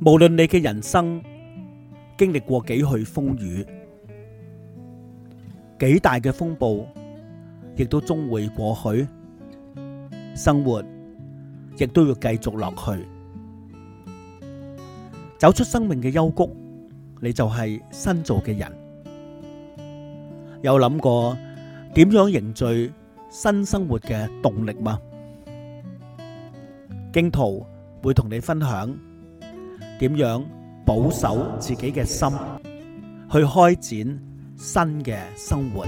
無論你嘅人生經歷過幾許風雨，幾大嘅風暴，亦都終會過去。生活亦都要繼續落去，走出生命嘅幽谷，你就係新造嘅人。有諗過點樣凝聚新生活嘅動力嗎？荊徒會同你分享。點樣保守自己嘅心，去開展新嘅生活，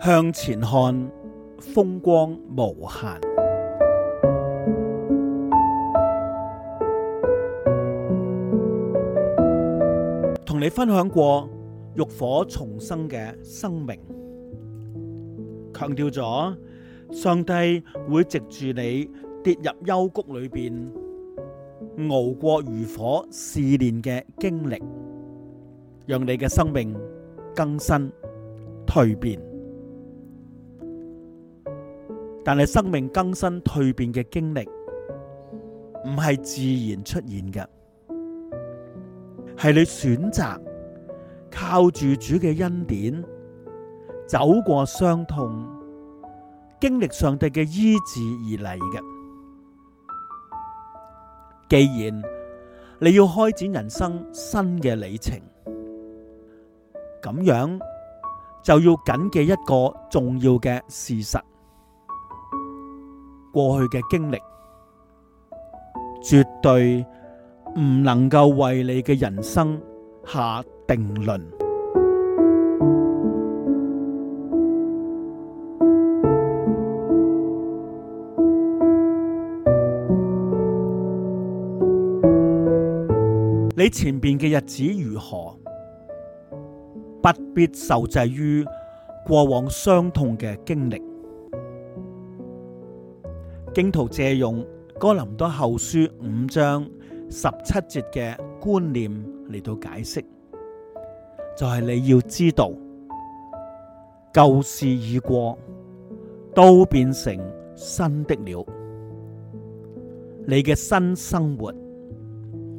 向前看，風光無限。同你分享過浴火重生嘅生命。強調咗，上帝會藉住你跌入幽谷裏邊，熬過如火試煉嘅經歷，讓你嘅生命更新蛻變。但係生命更新蛻變嘅經歷，唔係自然出現嘅，係你選擇靠住主嘅恩典。走過傷痛，經歷上帝嘅醫治而嚟嘅。既然你要開展人生新嘅里程，咁樣就要緊記一個重要嘅事實：過去嘅經歷絕對唔能夠為你嘅人生下定論。前邊嘅日子如何，不必受制於過往傷痛嘅經歷。荊徒借用哥林多後書五章十七節嘅觀念嚟到解釋，就係、是、你要知道，舊事已過，都變成新的了。你嘅新生活。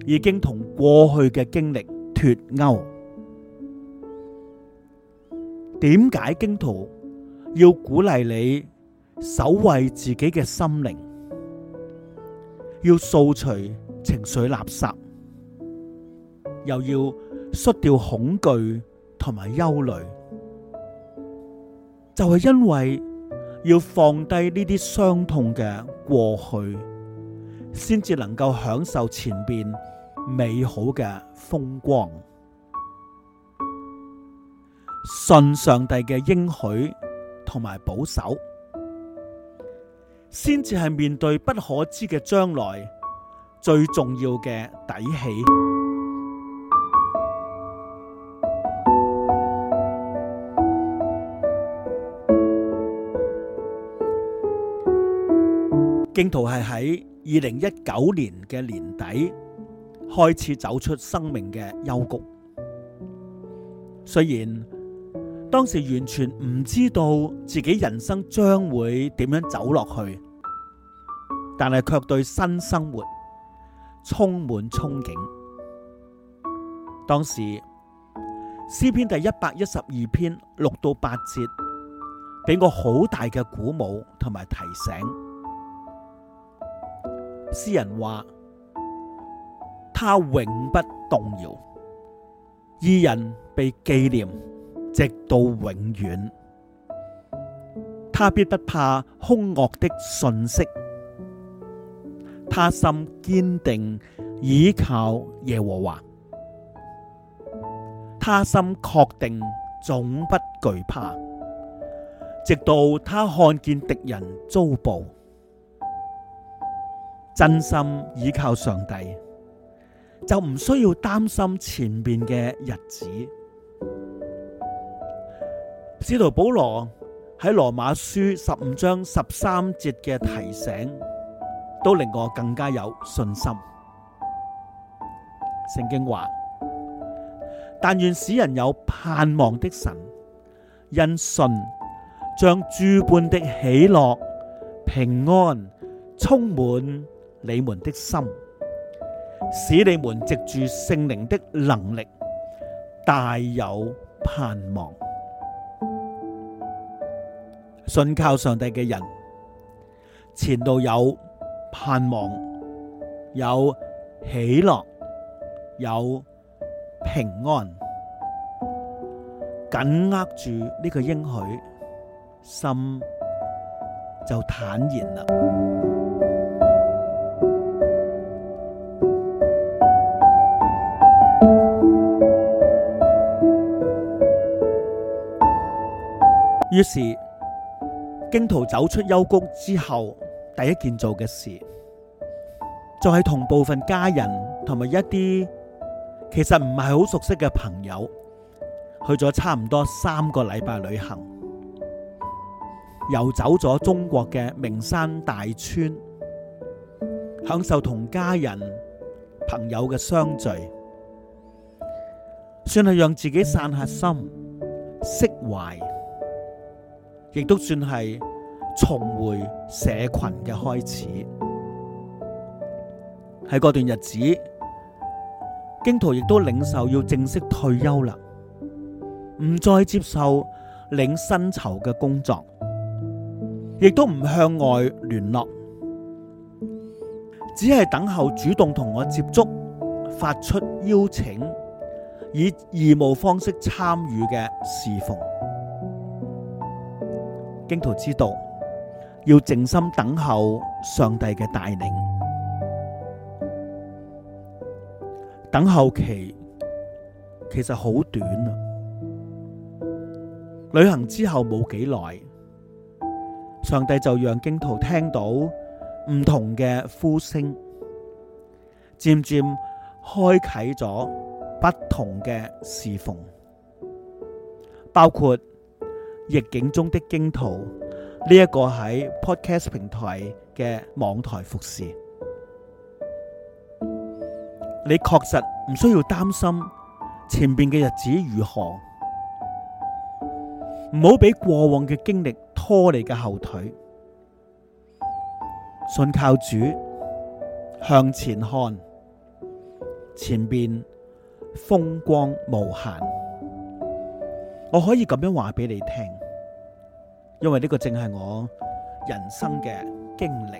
已經同過去嘅經歷脱鈎。點解荊徒要鼓勵你守衛自己嘅心靈，要掃除情緒垃圾，又要甩掉恐懼同埋憂慮，就係因為要放低呢啲傷痛嘅過去。先至能夠享受前面美好嘅風光，信上帝嘅應許同埋保守，先至係面對不可知嘅將來最重要嘅底氣。荊徒係喺二零一九年嘅年底開始走出生命嘅幽谷，雖然當時完全唔知道自己人生將會點樣走落去，但係卻對新生活充滿憧憬。當時詩篇第一百一十二篇六到八節俾我好大嘅鼓舞同埋提醒。詩人話：他永不動搖，義人被紀念直到永遠。他必不怕凶惡的信息，他心堅定倚靠耶和華，他心確定總不懼怕，直到他看見敵人遭報。真心依靠上帝，就唔需要擔心前邊嘅日子。使徒保羅喺羅馬書十五章十三節嘅提醒，都令我更加有信心。聖經話：但願使人有盼望的神，因信將諸般的喜樂、平安充滿。你們的心，使你們藉住聖靈的能力，大有盼望。信靠上帝嘅人，前路有盼望，有喜樂，有平安。緊握住呢個應許，心就坦然啦。於是，荊徒走出幽谷之後，第一件做嘅事就係同部分家人同埋一啲其實唔係好熟悉嘅朋友，去咗差唔多三個禮拜旅行，遊走咗中國嘅名山大川，享受同家人朋友嘅相聚，算係讓自己散下心，釋懷。亦都算係重回社群嘅開始，喺嗰段日子，荊徒亦都領受要正式退休啦，唔再接受領薪酬嘅工作，亦都唔向外聯絡，只係等候主動同我接觸，發出邀請，以義務方式參與嘅侍奉。荊徒知道要靜心等候上帝嘅帶領，等候期其實好短啊！旅行之後冇幾耐，上帝就讓荊徒聽到唔同嘅呼聲，漸漸開啟咗不同嘅侍奉，包括。逆境中的荊徒，呢一個喺 Podcast 平台嘅網台服侍，你確實唔需要擔心前邊嘅日子如何，唔好俾過往嘅經歷拖你嘅後腿，信靠主向前看，前邊風光無限，我可以咁樣話俾你聽。因為呢個正係我人生嘅經歷。